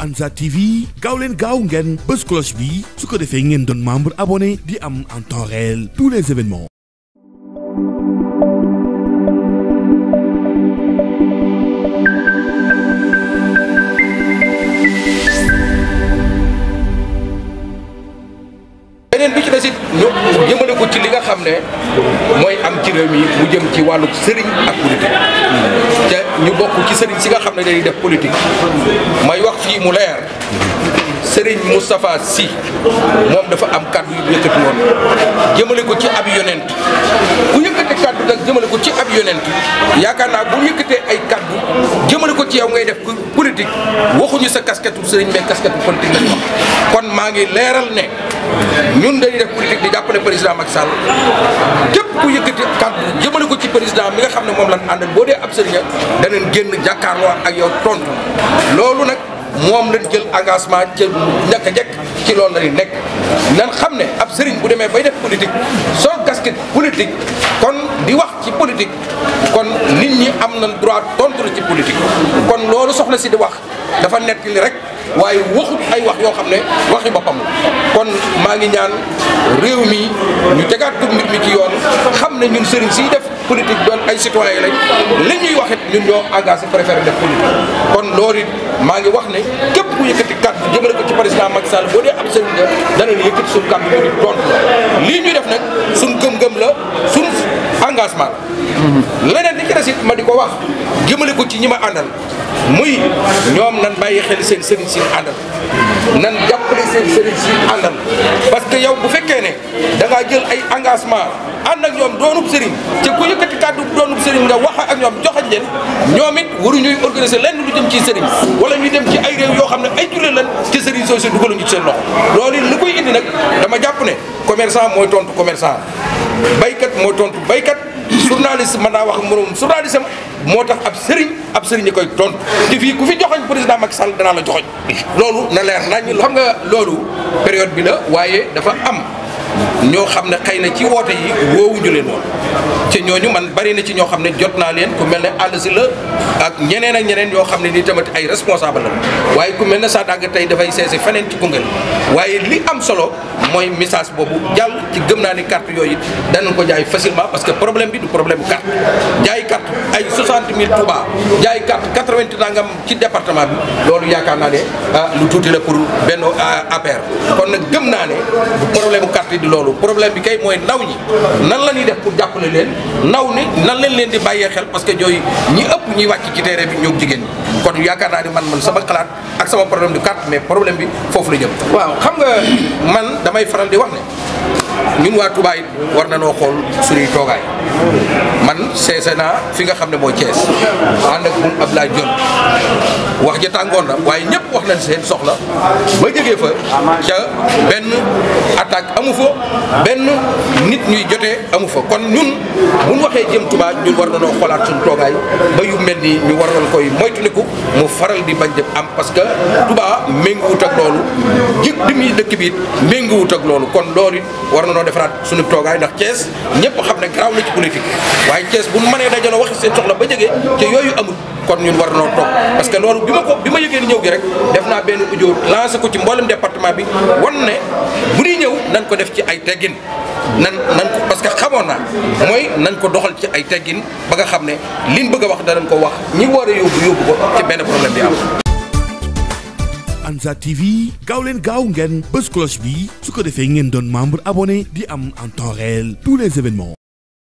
Ansar TV gaaw leen gaaw ngeen bés bii bi su ko defee ngeen doon membre abone di am en temps tous les événements beneen bi ci des it ñu jëmale ko ci li nga xam ne mooy am ci réew mi mu jëm ci wàllu sëriñ ak politique te ñu bokk ci sëriñ si nga xam ne dañuy def politique may wax fii mu leer Sëriñ Moustapha Sy moom dafa am kàddu yu yëkkati woon jëmale ko ci ab yonent ku yëkkate kàddu nag jëmale ko ci ab yonent yaakaar naa bu yëkkatee ay kàddu jëmale ko ci yow ngay def politique waxuñu sa casquette sëriñ mais casquette politique lañ wax kon maa ngi leeral ne ñun dañuy def politique di jàppale président Macky Sall képp ku yëkkati kàddu jëmale ko ci président mi nga xam ne moom lan àndal boo dee ab sëriñ danañ génn jàkkaarloo ak yow tontu loolu nag moom lañ jël engagement ca njëkk a njëkk ci lool la ñu nekk nan xam ne ab sëriñ bu demee bay def politique soo gasket politique kon di wax ci politique kon nit ñi am na droit tontu ci politique kon loolu soxna si di wax dafa nekk li rek waaye waxut ay wax yoo xam ne waxi boppam la kon maa ngi ñaan réew mi ñu tegaat ko mbir mi ci yoon xam ne ñun sëriñ siy def politique doon ay citoyen lañ li ñuy wax it ñun ñoo engagé préféré def politique kon loolu it maa ngi wax ne képp ku yëkkati kàddu jëmale ko ci président Macky Sall boo dee ab sëriñ la dana yëkkati suñu kàddu bi di la lii ñuy def nag suñ gëm-gëm la engagement leneen li ci des it ma di ko wax jëmale ko ci ñi ma àndal muy ñoom nan bàyyi xel seen sëriñ si àndal nan jàppale seen sëriñ si àndal parce que yow bu fekkee ne dangaa jël ay engagement ànd ak ñoom doonub sëriñ te ku yëkkati kàddu doonub sëriñ nga wax ak ñoom joxañ leen ñoom it waru ñuy organiser lenn lu jëm ci sëriñ wala ñu dem ci ay réew yoo xam ne ay jullit lan ci sëriñ soo si dugaluñu ci seen loxo loolu li koy indi nag dama jàpp ne commerçant mooy tontu commerçant journaliste man naa wax moroom journaliste am moo tax ab sëriñ ab sëriñ koy tontu di fii ku fi joxoñ président Macky Sall danaa la joxoñ loolu na leer nañ xam nga loolu période bi la waaye dafa am ñoo xam ne xëy na ci woote yi woowuñu leen woon ci ñooñu man bari na ci ñoo xam ne jot naa leen ku mel ne àll si la ak ñeneen ak ñeneen yoo xam ne nii tamit ay responsable la waaye ku mel ne Sadaga tey dafay seesi feneen ci Koungheul waaye li am solo mooy missage boobu jàll ci gëm naa ne carte yooyu it danañ ko jaay facilement parce que problème bi du problème bu carte jaay carte ay 60 000 Touba jaay carte 80 nangam ci département bi loolu yaakaar naa ne ah, lu tuuti la pour benn ah, APR kon nag gëm naa ne problème bu loolu problème bi kay mooy ndaw ñi nan la ñuy def pour jàppale leen naw ni nan leen leen di bàyyee xel parce que ñooy ñi ëpp ñuy wàcc ci terrain bi ñoo jigéen ñi kon yaakaar naa ni man man sama xalaat ak sama problème du carte mais problème bi foofu la jëm waaw xam nga man damay faral di wax ne ñun waa tubaay it war na noo xool suñuy toogaay naa fi nga xam ne mooy Thiès ànd ak moom Abdoulaye Dione wax ja tàngoon na waaye ñëpp wax nañ seen soxla ba jógee fa ca benn attaque amu fa benn nit ñuy jotee amu fa kon ñun bu ñu waxee jëm Touba ñun war nañoo xoolaat suñu toogaay ba yu mel nii ñu war nañ koy ko mu faral di bañ dem am parce que Touba méngoowut ak loolu jig di muy dëkk bi it méngoowut ak loolu kon loolu war na nañoo defaraat suñu toogaay ndax Thiès ñëpp xam ne garaaw na ci politique Thiès bu mënee dajaloo waxi seen soxla ba jege te yooyu amul kon ñun war noo toog parce que loolu bi ma ko bi ma yëgee ni ñëw gi rek def naa benn audio lancé ko ci mboolem département bi wan ne bu ñuy ñëw nan ko def ci ay teggin nan nañ ko parce que xamoon naa mooy nañ ko doxal ci ay teggin ba nga xam ne liñ bëgg a wax danañ ko wax ñi war a yóbbu yóbbu ko ci benn problème bi am. Ansar TV gaaw leen gaaw ngeen bës cloche bi su ko defee ngeen doon membre abonné di am en temps réel tous les événements.